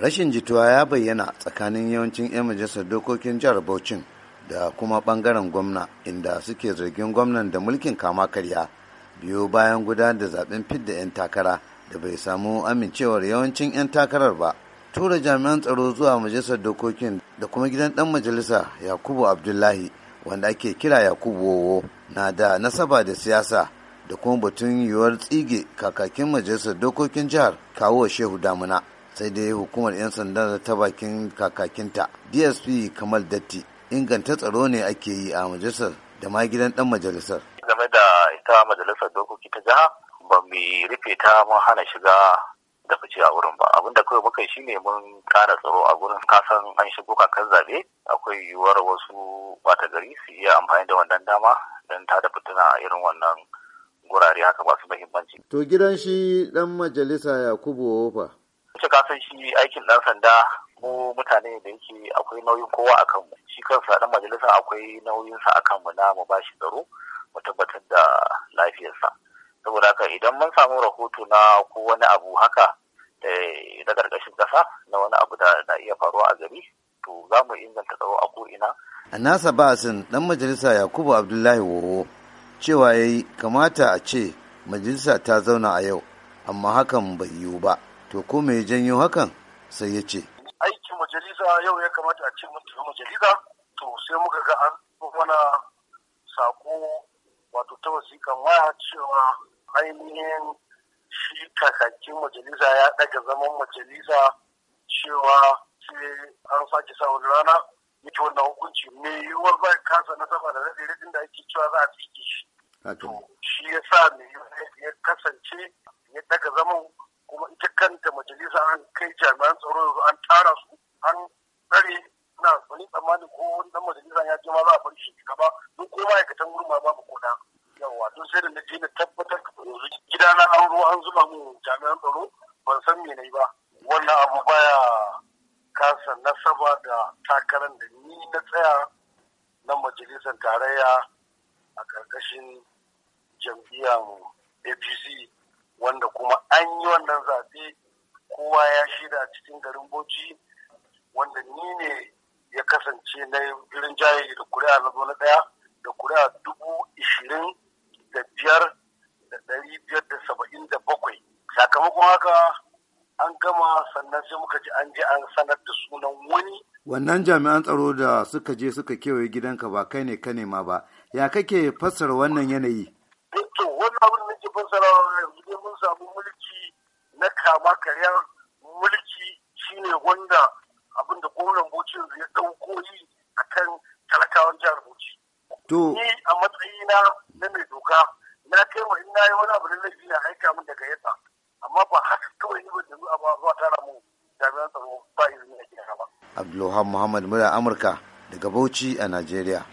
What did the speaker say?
rashin jituwa ya bayyana tsakanin yawancin 'yan majalisar dokokin jihar Bauchin da kuma bangaren gwamna inda suke zargin gwamnan da mulkin kama karya biyu bayan gudanar da zaben fidda 'yan takara da bai samu amincewar yawancin 'yan takarar ba tura jami'an tsaro zuwa majalisar dokokin da kuma gidan dan majalisa yakubu abdullahi wanda ake kira yakubu wowo na da nasaba da siyasa da kuma batun yiwuwar tsige kakakin majalisar dokokin jihar kawo shehu damuna sai dai hukumar 'yan sanda ta bakin kakakinta dsp kamal datti inganta tsaro ne ake yi a majalisar da ma gidan dan majalisar game da ita majalisar dokoki ta jiha ba mu rufe ta mun hana shiga da fice a wurin ba abinda kawai muka yi shine mun kara tsaro a gurin kasan an shigo kakan zabe akwai yiwuwar wasu bata gari su iya amfani da wannan dama don ta da fitina a irin wannan gurare haka masu mahimmanci. to gidan shi dan majalisa yakubu wofa ita ka san shi aikin ɗan sanda mu mutane da yake akwai nauyin kowa a kanmu shi kansa ɗan majalisa akwai nauyinsa akan kanmu na mu bashi tsaro mu tabbatar da lafiyarsa saboda haka idan mun samu rahoto na ko wani abu haka da eh, ƙarƙashin ƙasa na wani abu da na iya faruwa a gari to za mu inganta tsaro a ko'ina. a nasa san ɗan majalisa yakubu abdullahi woro cewa ya yi kamata a ce majalisa ta zauna a yau amma hakan bai yiwu ba to ko me janyo hakan sai ya ce aikin majalisa yau ya kamata a ce mun tafi majalisa to sai muka ga an mana sako wato ta wasiƙan waya cewa ainihin shi kakakin majalisa ya ɗaga zaman majalisa cewa sai an sake sa wani rana yake wannan hukunci me yiwuwar ba kasa na saba da rade radin da ake cewa za a ci shi shi ya sa me ya kasance ya ɗaga zaman kuma ita kanta majalisa an kai jami'an tsaro yanzu an tara su an tsare na wani tsammanin ko wani dan majalisa ya je ma za a bar shi gaba duk ko ma'aikatan wurin ma babu kuɗa yawa don sai da na je na tabbatar yanzu gidana an ruwa an zuba mu jami'an tsaro ban san me na yi ba wannan abu baya kasa nasaba da takarar da ni na tsaya na majalisar tarayya a ƙarƙashin jam'iyyar apc wanda kuma an yi wannan zaɓe kowa ya shida a cikin garin Bauchi wanda ni ne ya kasance na irin jaye da kuri'a na na ɗaya da kuri'a dubu ishirin da biyar da ɗari biyar da saba'in da bakwai sakamakon haka an gama sannan sai muka ji an je an sanar da sunan wani wannan jami'an tsaro da suka je suka kewaye gidanka ba kai ne ka nema ba ya kake fassara wannan yanayi nake fassarawa yanzu dai mun samu mulki na kama karyar mulki shine wanda abinda da gwamnan Bauchi ya ɗauko yi a kan talakawan jihar Bauchi. Ni a matsayina na mai doka na kai ma in yi wani abu da laifi na aika min daga yasa amma ba haka kawai ni ba da zuwa ba zuwa tara mu jami'an tsaro ba izini a gina ba. Abdulluhan Muhammad Mura Amurka daga Bauchi a Najeriya.